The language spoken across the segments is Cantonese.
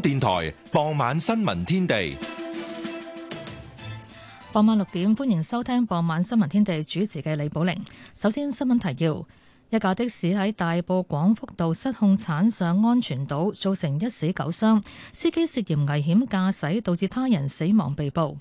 電台傍晚新聞天地，傍晚六點歡迎收聽傍晚新聞天地，主持嘅李寶玲。首先新聞提要：一架的士喺大埔廣福道失控鏟上安全島，造成一死九傷，司機涉嫌危險駕駛導致他人死亡被捕。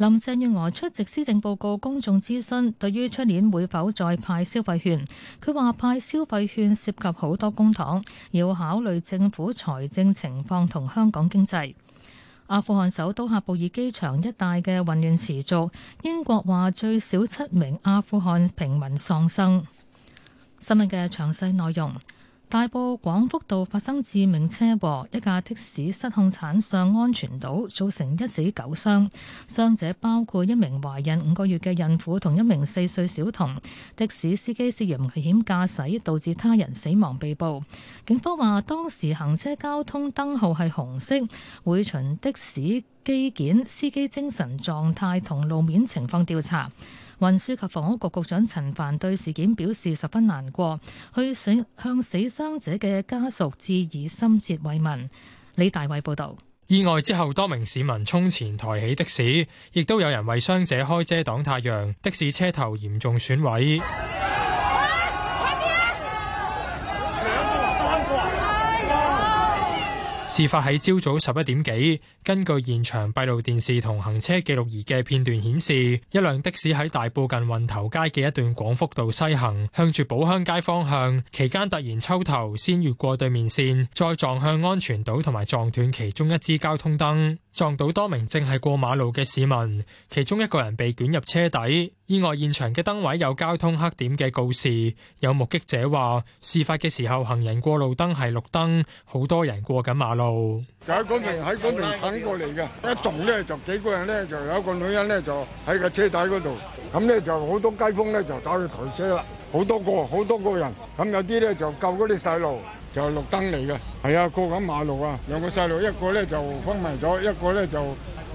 林鄭月娥出席施政報告公眾諮詢，對於出年會否再派消費券，佢話派消費券涉及好多公帑，要考慮政府財政情況同香港經濟。阿富汗首都喀布爾機場一帶嘅混亂持續，英國話最少七名阿富汗平民喪生。新聞嘅詳細內容。大埔廣福道發生致命車禍，一架的士失控鏟上安全島，造成一死九傷，傷者包括一名懷孕五個月嘅孕婦同一名四歲小童。的士司機涉嫌危險駕駛，導致他人死亡被捕。警方話當時行車交通燈號係紅色，會循的士機件、司機精神狀態同路面情況調查。運輸及房屋局局長陳帆對事件表示十分難過，去死向死傷者嘅家屬致以深切慰問。李大偉報道，意外之後多名市民衝前抬起的士，亦都有人為傷者開遮擋太陽，的士車頭嚴重損毀。事發喺朝早十一點幾，根據現場閉路電視同行車記錄儀嘅片段顯示，一輛的士喺大埔近運頭街嘅一段廣福道西行，向住寶鄉街方向，期間突然抽頭，先越過對面線，再撞向安全島同埋撞斷其中一支交通燈。撞到多名正係過馬路嘅市民，其中一個人被捲入車底。意外現場嘅燈位有交通黑點嘅告示。有目擊者話，事發嘅時候行人過路燈係綠燈，好多人過緊馬路。就喺嗰邊喺嗰邊鏟過嚟嘅，一撞呢，就幾個人呢，就有一個女人呢，就喺個車底嗰度，咁呢，就好多街坊呢，就走去抬車啦。好多個，好多個人，咁有啲咧就救嗰啲細路，就綠燈嚟嘅。係啊，過緊馬路啊，兩個細路，一個咧就昏迷咗，一個咧就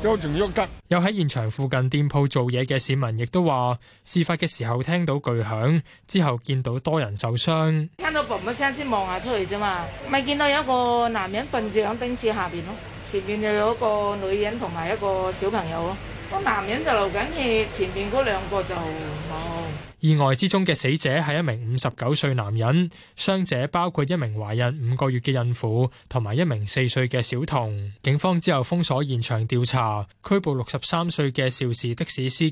都仲喐得。有喺現場附近店鋪做嘢嘅市民亦都話：事發嘅時候聽到巨響，之後見到多人受傷。聽到嘭嘭聲先望下出去啫嘛，咪見到有一個男人瞓住喺丁字下邊咯，前面就有個女人同埋一個小朋友咯，個男人就流緊血，前面嗰兩個就冇。意外之中嘅死者係一名五十九歲男人，傷者包括一名懷孕五個月嘅孕婦同埋一名四歲嘅小童。警方之後封鎖現場調查，拘捕六十三歲嘅肇事的士司機，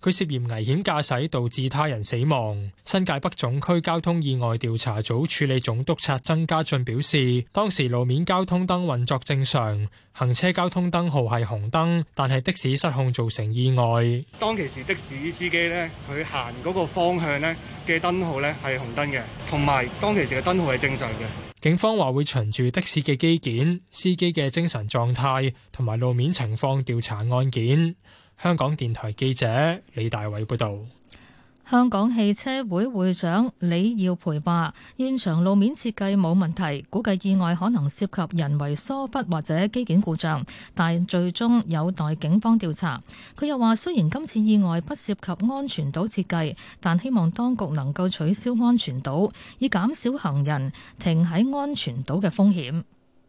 佢涉嫌危險駕駛導致他人死亡。新界北總區交通意外調查組處理總督察曾家俊表示，當時路面交通燈運作正常，行車交通燈號係紅燈，但係的士失控造成意外。當其時的士司機咧，佢行嗰個。個方向呢嘅燈號呢係紅燈嘅，同埋當其時嘅燈號係正常嘅。警方話會循住的士嘅機件、司機嘅精神狀態同埋路面情況調查案件。香港電台記者李大偉報道。香港汽車會會長李耀培話：現場路面設計冇問題，估計意外可能涉及人為疏忽或者機件故障，但最終有待警方調查。佢又話：雖然今次意外不涉及安全島設計，但希望當局能夠取消安全島，以減少行人停喺安全島嘅風險。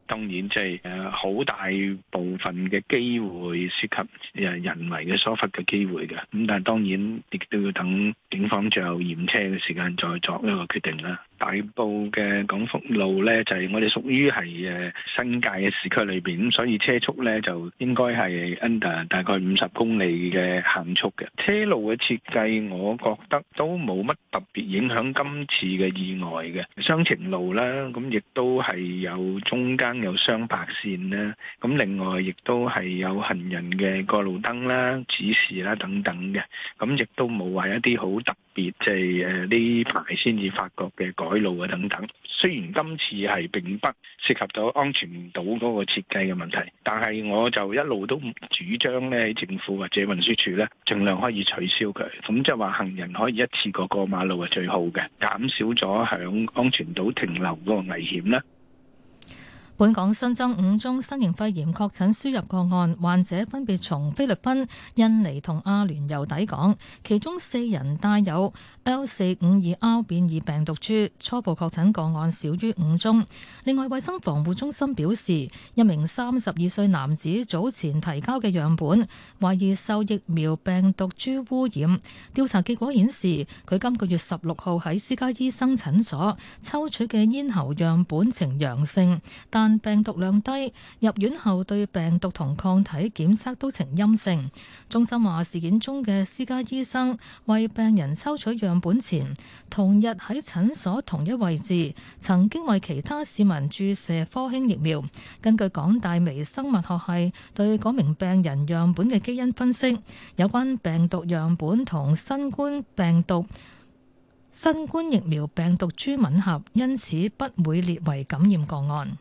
當然，即係誒好大部分嘅機會涉及誒人為嘅疏忽嘅機會㗎，咁但係當然亦都要等警方最後驗車嘅時間再作一個決定啦。大埔嘅港福路咧，就係我哋屬於係誒新界嘅市區裏邊，咁所以車速咧就應該係 under 大概五十公里嘅限速嘅。車路嘅設計，我覺得都冇乜特別影響今次嘅意外嘅。雙程路啦，咁亦都係有中間有雙白線啦，咁另外亦都係有行人嘅過路燈啦、指示啦等等嘅，咁亦都冇話一啲好特別。別即係誒呢排先至發覺嘅改路啊等等，雖然今次係並不涉及到安全島嗰個設計嘅問題，但係我就一路都唔主張咧，政府或者運輸署咧，儘量可以取消佢，咁即係話行人可以一次過過馬路係最好嘅，減少咗響安全島停留嗰個危險啦。本港新增五宗新型肺炎確診輸入個案，患者分別從菲律賓、印尼同阿聯酋抵港，其中四人帶有 L 四五二 R 變異病毒株，初步確診個案少於五宗。另外，衛生防護中心表示，一名三十二歲男子早前提交嘅樣本懷疑受疫苗病毒株污染，調查結果顯示，佢今個月十六號喺私家醫生診所抽取嘅咽喉樣本呈陽性，但，病毒量低，入院後對病毒同抗體檢測都呈陰性。中心話事件中嘅私家醫生為病人抽取樣本前，同日喺診所同一位置曾經為其他市民注射科興疫苗。根據港大微生物學系對嗰名病人樣本嘅基因分析，有關病毒樣本同新冠病毒新冠疫苗病毒株吻合，因此不會列為感染個案。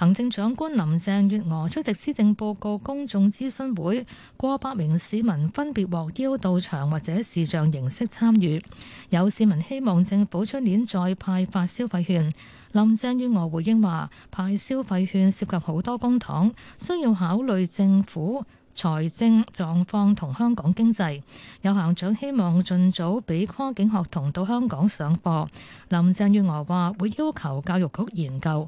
行政長官林鄭月娥出席施政報告公眾諮詢會，過百名市民分別獲邀到場或者視像形式參與。有市民希望政府出年再派發消費券，林鄭月娥回應話：派消費券涉及好多公帑，需要考慮政府財政狀況同香港經濟。有校長希望盡早俾跨境學童到香港上課，林鄭月娥話會要求教育局研究。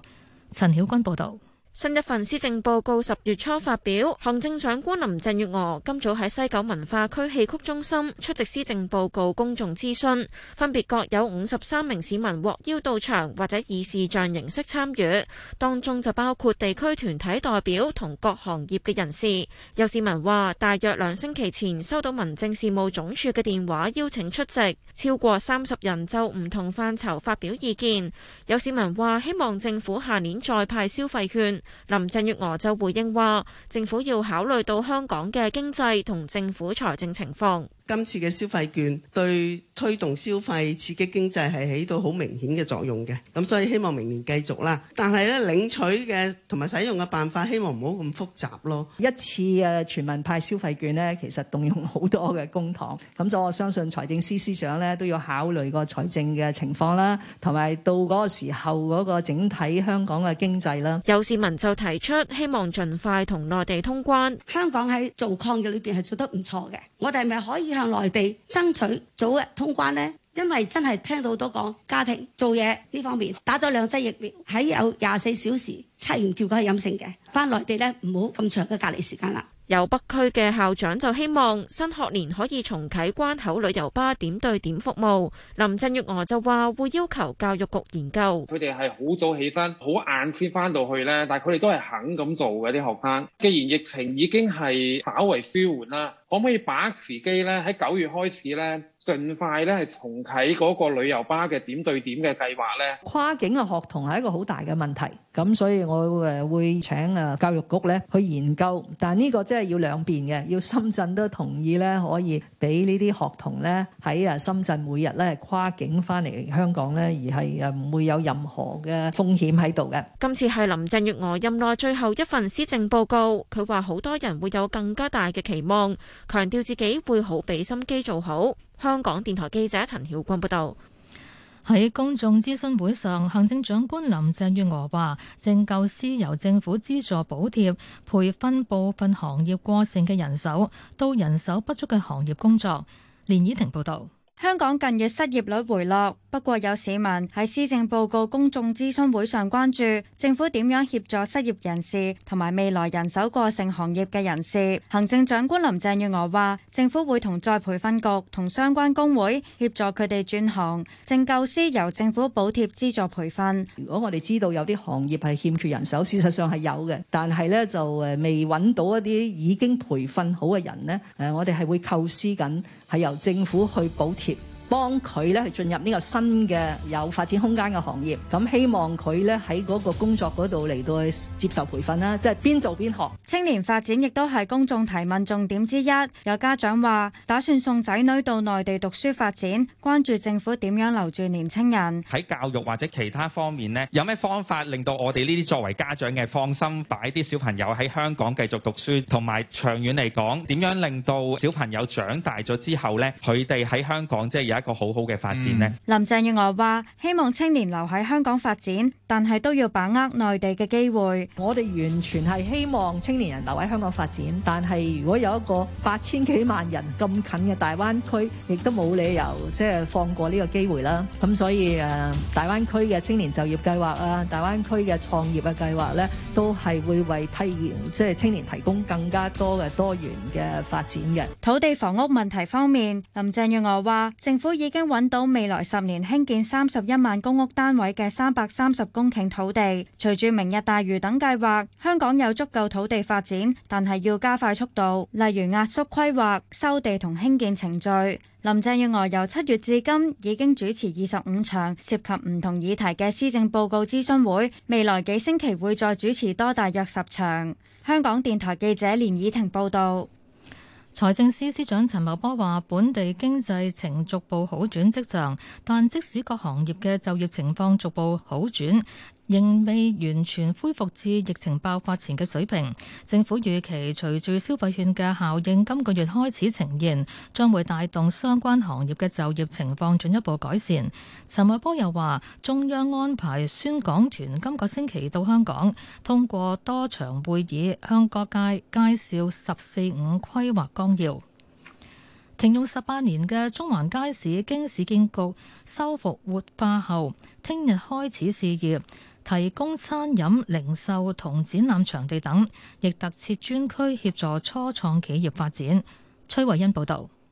陳曉君報道。新一份施政報告十月初發表，行政長官林鄭月娥今早喺西九文化區戲曲中心出席施政報告公眾諮詢，分別各有五十三名市民獲邀到場或者以視像形式參與，當中就包括地區團體代表同各行業嘅人士。有市民話，大約兩星期前收到民政事務總署嘅電話邀請出席，超過三十人就唔同範疇發表意見。有市民話，希望政府下年再派消費券。林鄭月娥就回應話，政府要考慮到香港嘅經濟同政府財政情況。今次嘅消費券對推動消費刺激經濟係起到好明顯嘅作用嘅，咁所以希望明年繼續啦。但係咧，領取嘅同埋使用嘅辦法，希望唔好咁複雜咯。一次嘅全民派消費券咧，其實動用好多嘅公帑，咁所以我相信財政司司長咧都要考慮個財政嘅情況啦，同埋到嗰個時候嗰個整體香港嘅經濟啦。有市民就提出希望盡快同內地通關。香港喺做抗疫裏邊係做得唔錯嘅，我哋係咪可以內地爭取早日通關呢？因為真係聽到好多講家庭做嘢呢方面打咗兩劑疫苗，喺有廿四小時測完結果係陰性嘅，翻內地呢，唔好咁長嘅隔離時間啦。由北區嘅校長就希望新學年可以重啟關口旅遊巴點對點服務。林鄭月娥就話會要求教育局研究。佢哋係好早起身，好晏先翻到去咧，但係佢哋都係肯咁做嘅啲學生。既然疫情已經係稍為舒緩啦。可唔可以把握時機咧，喺九月開始咧，盡快咧係重啟嗰個旅遊巴嘅點對點嘅計劃咧？跨境嘅學童係一個好大嘅問題，咁所以我誒會請啊教育局咧去研究，但係呢個真係要兩邊嘅，要深圳都同意咧，可以俾呢啲學童咧喺啊深圳每日咧跨境翻嚟香港咧，而係誒唔會有任何嘅風險喺度嘅。今次係林鄭月娥任內最後一份施政報告，佢話好多人會有更加大嘅期望。強調自己會好俾心機做好。香港電台記者陳曉君報道，喺公眾諮詢會上，行政長官林鄭月娥話，政教司由政府資助補貼，培訓部分行業過剩嘅人手，到人手不足嘅行業工作。連以婷報道。香港近月失業率回落，不過有市民喺施政報告公眾諮詢會上關注政府點樣協助失業人士同埋未來人手過剩行業嘅人士。行政長官林鄭月娥話，政府會同再培訓局同相關工會協助佢哋轉行，正構思由政府補貼資助培訓。如果我哋知道有啲行業係欠缺人手，事實上係有嘅，但係咧就誒未揾到一啲已經培訓好嘅人咧，誒我哋係會構思緊。係由政府去補貼。幫佢咧去進入呢個新嘅有發展空間嘅行業，咁希望佢咧喺嗰個工作嗰度嚟到接受培訓啦，即係邊做邊學。青年發展亦都係公眾提問重點之一，有家長話打算送仔女到內地讀書發展，關注政府點樣留住年輕人喺教育或者其他方面呢，有咩方法令到我哋呢啲作為家長嘅放心擺啲小朋友喺香港繼續讀書，同埋長遠嚟講點樣令到小朋友長大咗之後呢佢哋喺香港即係有。一個好好嘅發展呢、嗯、林鄭月娥話，希望青年留喺香港發展，但係都要把握內地嘅機會。我哋完全係希望青年人留喺香港發展，但係如果有一個八千幾萬人咁近嘅大灣區，亦都冇理由即係放過呢個機會啦。咁所以誒、呃，大灣區嘅青年就業計劃啊，大灣區嘅創業嘅計劃咧，都係會為替即係青年提供更加多嘅多元嘅發展嘅土地房屋問題方面，林鄭月娥話政府已經揾到未來十年興建三十一萬公屋單位嘅三百三十公頃土地，隨住明日大嶼等計劃，香港有足夠土地發展，但係要加快速度，例如壓縮規劃、收地同興建程序。林鄭月娥由七月至今已經主持二十五場涉及唔同議題嘅施政報告諮詢會，未來幾星期會會再主持多大約十場。香港電台記者連以婷報道。財政司司長陳茂波話：本地經濟呈逐步好轉跡象，但即使各行業嘅就業情況逐步好轉，仍未完全恢復至疫情爆發前嘅水平。政府預期隨住消費券嘅效應今個月開始呈現，將會帶動相關行業嘅就業情況進一步改善。陳茂波又話：中央安排宣講團今個星期到香港，通過多場會議向各界介紹「十四五」規劃綱要。停用十八年嘅中環街市，經市建局修復活化後，聽日開始試業。提供餐飲零售同展覽場地等，亦特設專區協助初創企業發展。崔慧欣報導。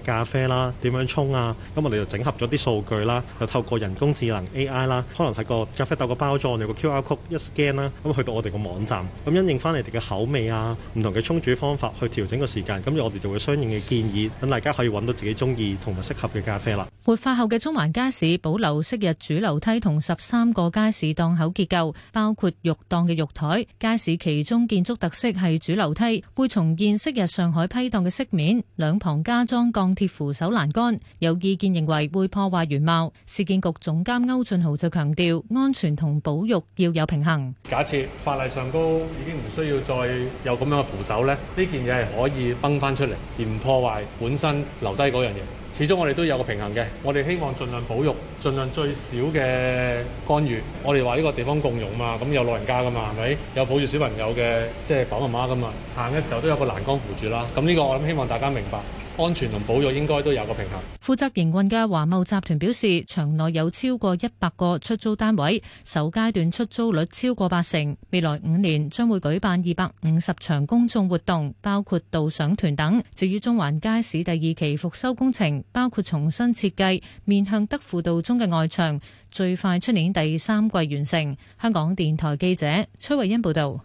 咖啡啦，點樣沖啊？咁我哋就整合咗啲數據啦，又透過人工智能 AI 啦，可能睇個咖啡豆個包裝有個 QR code 一 scan 啦，咁去到我哋個網站，咁因應翻你哋嘅口味啊，唔同嘅沖煮方法去調整個時間，咁我哋就會相應嘅建議，等大家可以揾到自己中意同埋適合嘅咖啡啦。活化後嘅中環街市保留昔日主樓梯同十三個街市檔口結構，包括肉檔嘅肉台，街市其中建築特色係主樓梯，會重建昔日上海批檔嘅飾面，兩旁加裝鋼用鐵扶手欄杆，有意見認為會破壞原貌，市建局總監歐俊豪就強調，安全同保育要有平衡。假設法例上高已經唔需要再有咁樣嘅扶手咧，呢件嘢係可以崩翻出嚟，而唔破壞本身留低嗰樣嘢。始終我哋都有個平衡嘅，我哋希望盡量保育，盡量最少嘅干預。我哋話呢個地方共用嘛，咁有老人家噶嘛，係咪有抱住小朋友嘅，即係爸爸媽媽噶嘛，行嘅時候都有個欄杆扶住啦。咁呢個我諗希望大家明白。安全同保育應該都有個平衡。負責營運嘅華懋集團表示，場內有超過一百個出租單位，首階段出租率超過八成。未來五年將會舉辦二百五十場公眾活動，包括導賞團等。至於中環街市第二期復修工程，包括重新設計面向德輔道中嘅外牆，最快出年第三季完成。香港電台記者崔慧欣報道。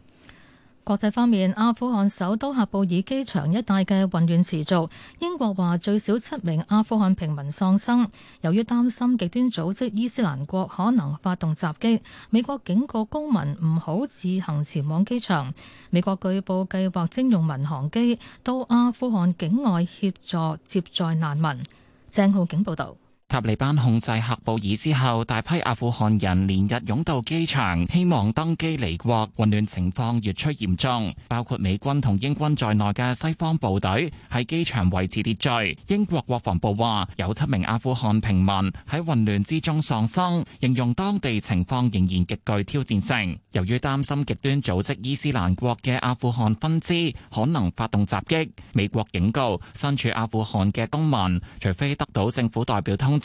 國際方面，阿富汗首都喀布爾機場一帶嘅混亂持續。英國話最少七名阿富汗平民喪生。由於擔心極端組織伊斯蘭國可能發動襲擊，美國警告公民唔好自行前往機場。美國據報計劃徵用民航機到阿富汗境外協助接載難民。鄭浩景報道。塔利班控制喀布爾之後，大批阿富汗人連日湧到機場，希望登機離國。混亂情況越趨嚴重，包括美軍同英軍在內嘅西方部隊喺機場維持秩序。英國國防部話，有七名阿富汗平民喺混亂之中喪生，形容當地情況仍然極具挑戰性。由於擔心極端組織伊斯蘭國嘅阿富汗分支可能發動襲擊，美國警告身處阿富汗嘅公民，除非得到政府代表通知。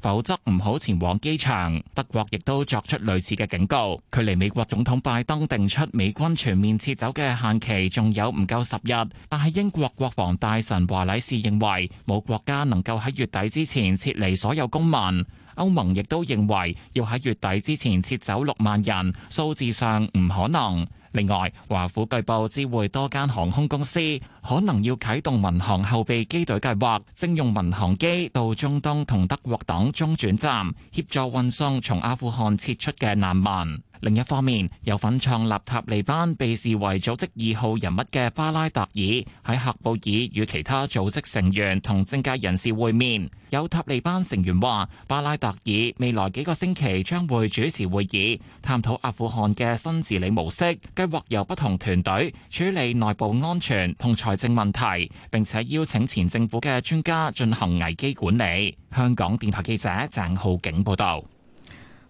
否則唔好前往機場。德國亦都作出類似嘅警告。距離美國總統拜登定出美軍全面撤走嘅限期，仲有唔夠十日。但係英國國防大臣華禮士認為，冇國家能夠喺月底之前撤離所有公民。歐盟亦都認為要喺月底之前撤走，六萬人，數字上唔可能。另外，華府據報知會多間航空公司，可能要啟動民航後備機隊計劃，徵用民航機到中東同德國等中轉站，協助運送從阿富汗撤出嘅難民。另一方面，有份創立塔利班被視為組織二號人物嘅巴拉達爾喺喀布爾與其他組織成員同政界人士會面。有塔利班成員話，巴拉達爾未來幾個星期將會主持會議，探討阿富汗嘅新治理模式，計劃由不同團隊處理內部安全同財政問題，並且邀請前政府嘅專家進行危機管理。香港電台記者鄭浩景報道。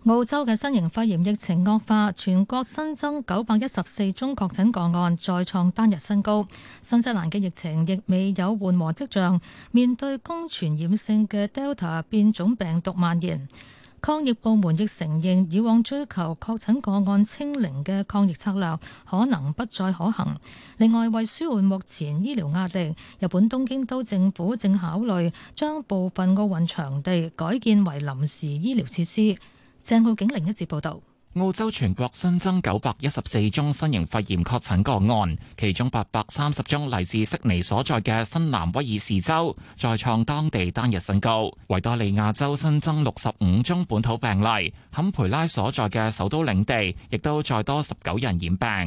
澳洲嘅新型肺炎疫情惡化，全國新增九百一十四宗確診個案，再創單日新高。新西蘭嘅疫情亦未有緩和跡象，面對高傳染性嘅 Delta 變種病毒蔓延，抗疫部門亦承認以往追求確診個案清零嘅抗疫策略可能不再可行。另外，為舒緩目前醫療壓力，日本東京都政府正考慮將部分奧運場地改建為臨時醫療設施。鄭浩景另一節報道。澳洲全國新增九百一十四宗新型肺炎確診個案，其中八百三十宗嚟自悉尼所在嘅新南威爾士州，再創當地單日新高。維多利亞州新增六十五宗本土病例，坎培拉所在嘅首都領地亦都再多十九人染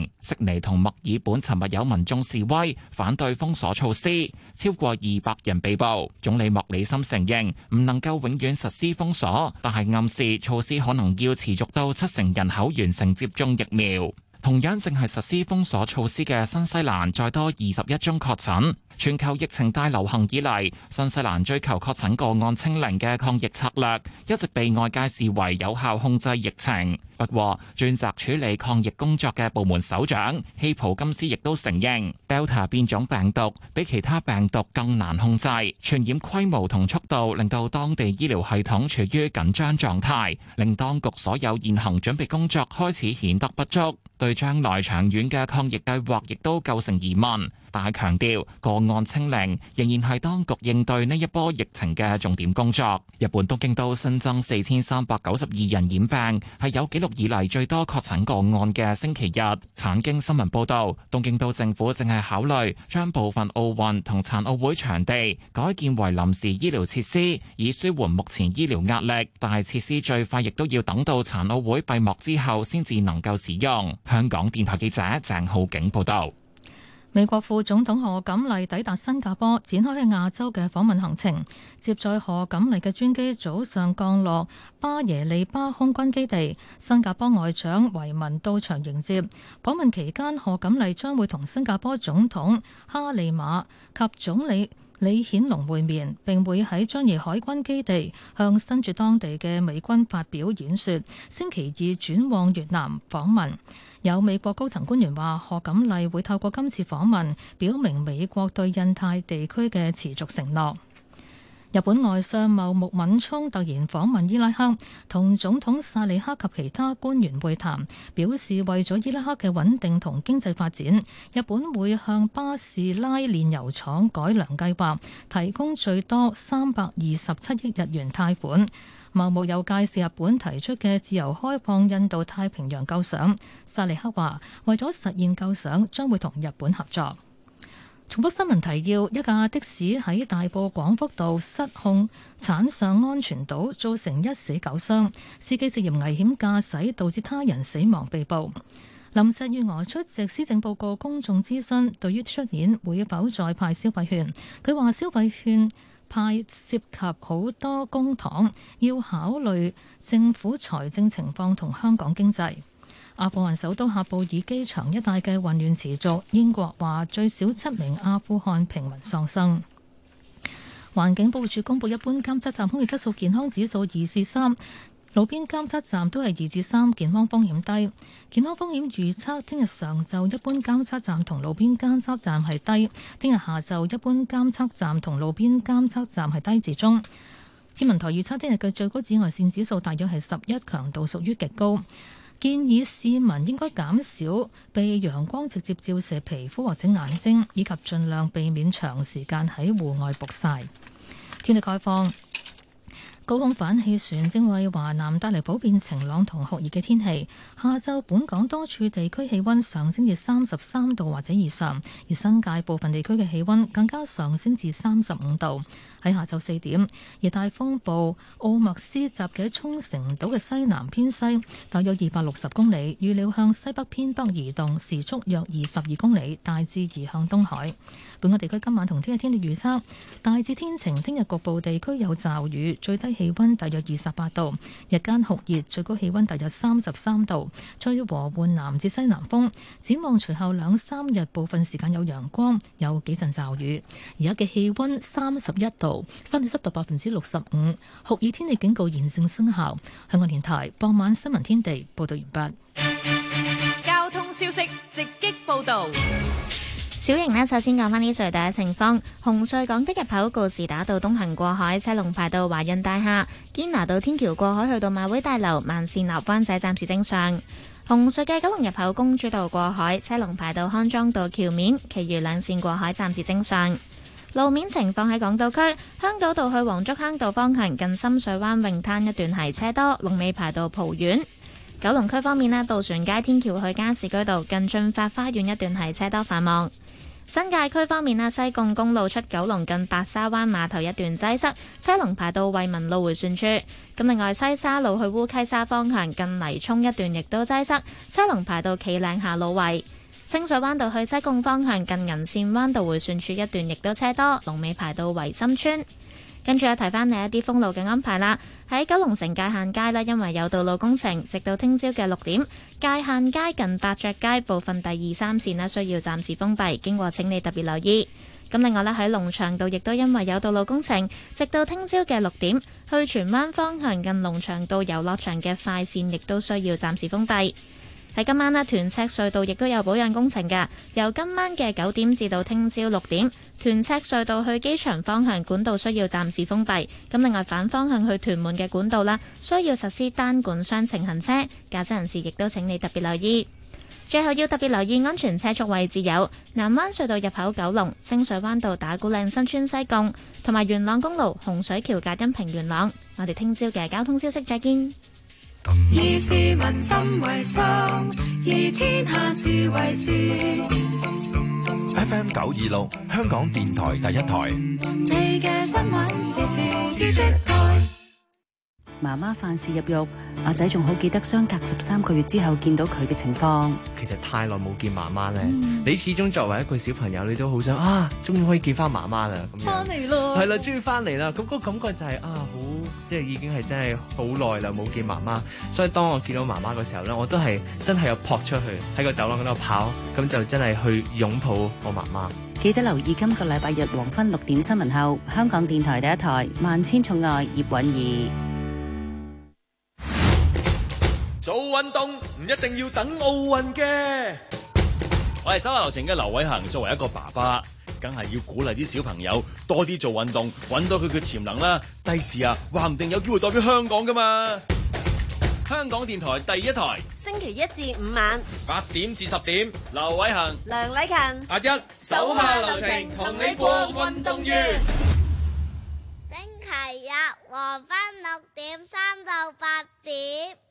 病。悉尼同墨爾本尋日有民眾示威，反對封鎖措施，超過二百人被捕。總理莫里森承認，唔能夠永遠實施封鎖，但係暗示措施可能要持續到七成，人口完成接種疫苗，同樣正係實施封鎖措施嘅新西蘭，再多二十一宗確診。全球疫情大流行以嚟，新西蘭追求確診個案清零嘅抗疫策略，一直被外界視為有效控制疫情。不過，專責處理抗疫工作嘅部門首長希普金斯亦都承認 Delta 變種病毒比其他病毒更難控制，傳染規模同速度令到當地醫療系統處於緊張狀態，令當局所有現行準備工作開始顯得不足，對將來長遠嘅抗疫計劃亦都構成疑問。但強調個案清零仍然係當局應對呢一波疫情嘅重點工作。日本東京都新增四千三百九十二人染病，係有記錄以嚟最多確診個案嘅星期日。產經新聞報道，東京都政府正係考慮將部分奧運同殘奧會場地改建為臨時醫療設施，以舒緩目前醫療壓力。但係設施最快亦都要等到殘奧會閉幕之後先至能夠使用。香港電台記者鄭浩景報道。美國副總統賀錦麗抵達新加坡，展開喺亞洲嘅訪問行程。接載賀錦麗嘅專機早上降落巴耶利巴空軍基地，新加坡外長維文到場迎接。訪問期間，賀錦麗將會同新加坡總統哈莉瑪及總理李顯龍會面，並會喺樟宜海軍基地向駐當地嘅美軍發表演說。星期二轉往越南訪問。有美國高層官員話，賀錦麗會透過今次訪問，表明美國對印太地區嘅持續承諾。日本外相茂木敏充突然訪問伊拉克，同總統薩利克及其他官員會談，表示為咗伊拉克嘅穩定同經濟發展，日本會向巴士拉煉油廠改良計劃提供最多三百二十七億日元貸款。茂木又介紹日本提出嘅自由開放印度太平洋構想，薩利克話：為咗實現構想，將會同日本合作。重複新聞提要：一架的士喺大埔廣福道失控，鏟上安全島，造成一死九傷，司機涉嫌危險駕駛，導致他人死亡被捕。林鄭月娥出席施政報告公眾諮詢，對於出年會否再派消費券，佢話消費券派涉及好多公帑，要考慮政府財政情況同香港經濟。阿富汗首都喀布爾機場一帶嘅混亂持續，英國話最少七名阿富汗平民喪生。環境部署公布一般監測站空氣質素健康指數二四三。路邊監測站都係二至三，健康風險低。健康風險預測，聽日上晝一般監測站同路邊監測站係低，聽日下晝一般監測站同路邊監測站係低至中。天文台預測聽日嘅最高紫外線指數大約係十一，強度屬於極高，建議市民應該減少被陽光直接照射皮膚或者眼睛，以及盡量避免長時間喺戶外曝曬。天氣概況。高空反氣旋正為華南帶嚟普遍晴朗同酷熱嘅天氣，下晝本港多處地區氣溫上升至三十三度或者以上，而新界部分地區嘅氣溫更加上升至三十五度。喺下晝四點熱帶風暴奧麥斯集結沖繩島嘅西南偏西，大約二百六十公里，預料向西北偏北移動，時速約二十二公里，大致移向東海。本港地區今晚同聽日天氣預測大致天晴，聽日局部地區有驟雨，最低。氣溫大約二十八度，日間酷熱，最高氣溫大約三十三度，吹和緩南至西南風。展望隨後兩三日，部分時間有陽光，有幾陣驟雨。而家嘅氣溫三十一度，相對濕度百分之六十五，酷熱天氣警告現正生效。香港電台傍晚新聞天地報道完畢。交通消息直擊報道。小瑩呢，首先講翻啲最大嘅情況。紅隧港的入口告士打道東行過海，車龍排到華潤大廈、堅拿道天橋過海去到馬會大樓，慢線落灣仔暫時正常。紅隧嘅九龍入口公主道過海，車龍排到康莊道橋面，其餘兩線過海暫時正常。路面情況喺港島區，香島道去黃竹坑道方向近深水灣泳灘一段係車多，龍尾排到蒲苑。九龍區方面呢，渡船街天橋去加士居道近駿發花園一段係車多繁忙。新界區方面呢，西貢公路出九龍近白沙灣碼頭一段擠塞，車龍排到惠民路回旋處。咁另外西沙路去烏溪沙方向近泥涌一段亦都擠塞，車龍排到企嶺下路圍。清水灣道去西貢方向近銀線灣道回旋處一段亦都車多，龍尾排到維深村。跟住又提翻你一啲封路嘅安排啦。喺九龍城界限街呢，因為有道路工程，直到聽朝嘅六點，界限街近伯爵街部分第二三線咧，需要暫時封閉，經過請你特別留意。咁另外咧，喺龍翔道亦都因為有道路工程，直到聽朝嘅六點，去荃灣方向近龍翔道遊樂場嘅快線亦都需要暫時封閉。喺今晚咧，屯赤隧道亦都有保養工程㗎，由今晚嘅九點至到聽朝六點，屯赤隧道去機場方向管道需要暫時封閉，咁另外反方向去屯門嘅管道啦，需要實施單管雙程行車，駕駛人士亦都請你特別留意。最後要特別留意安全車速位置有南灣隧道入口、九龍清水灣道、打鼓嶺新村西貢同埋元朗公路洪水橋隔音屏元朗。我哋聽朝嘅交通消息再見。以市民心為心，以天下事為事。FM 九二六，香港電台第一台。你嘅新聞，時事知識台。媽媽犯事入獄，阿仔仲好記得相隔十三個月之後見到佢嘅情況。其實太耐冇見媽媽咧，嗯、你始終作為一個小朋友，你都好想啊，終於可以見翻媽媽啦，咁翻嚟咯，係啦，終於翻嚟啦。咁、那個感覺就係、是、啊，好即係已經係真係好耐啦，冇見媽媽，所以當我見到媽媽嘅時候咧，我都係真係有撲出去喺個走廊嗰度跑，咁就真係去擁抱我媽媽。記得留意今個禮拜日黃昏六點新聞後，香港電台第一台《萬千寵愛》葉韻儀。做運動唔一定要等奧運嘅。我係手下留情嘅劉偉恒，作為一個爸爸，梗係要鼓勵啲小朋友多啲做運動，揾到佢嘅潛能啦。第時啊，話唔定有機會代表香港噶嘛？香港電台第一台，星期一至五晚八點至十點，劉偉恒、梁禮勤，阿一手下留情，同你過運動月。星期日黃昏六點三到八點。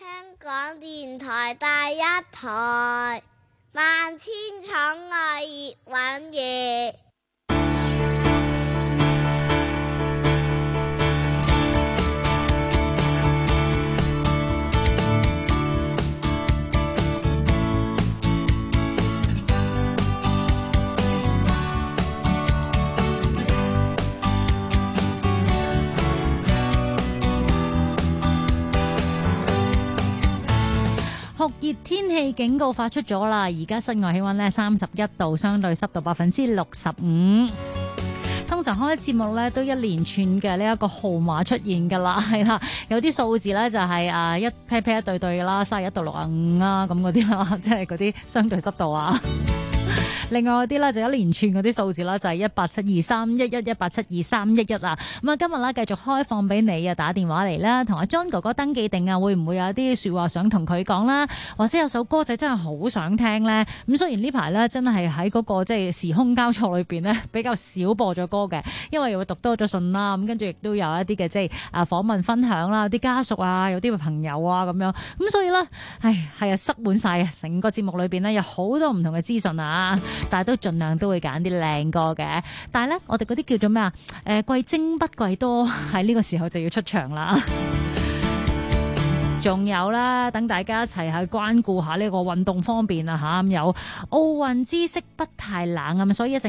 香港電台第一台，萬千寵愛葉蘊儀。酷熱天氣警告發出咗啦！而家室外氣溫咧三十一度，相對濕度百分之六十五。通常開節目咧都一連串嘅呢一個號碼出現㗎啦，係啦，有啲數字咧就係啊一 pair pair 一對對啦，三十一度六啊五啊咁嗰啲啦，即係嗰啲相對濕度啊。另外啲咧就一連串嗰啲數字啦，就係一八七二三一一一八七二三一一啊！咁啊，今日咧繼續開放俾你啊，打電話嚟啦，同阿 John 哥哥登記定啊，會唔會有啲説話想同佢講啦？或者有首歌仔真係好想聽咧？咁雖然呢排咧真係喺嗰個即係時空交錯裏邊咧，比較少播咗歌嘅，因為又會讀多咗信啦，咁跟住亦都有一啲嘅即係啊訪問分享啦，啲家屬啊，有啲朋友啊咁樣，咁所以咧，唉，係啊，塞滿晒啊！成個節目裏邊呢，有好多唔同嘅資訊啊！但係都盡量都會揀啲靚歌嘅，但係咧，我哋啲叫做咩啊？誒、呃，貴精不貴多，喺呢個時候就要出場啦。仲 有啦，等大家一齊去關顧下呢個運動方面啊，吓，有奧運知識不太冷啊，所以一直。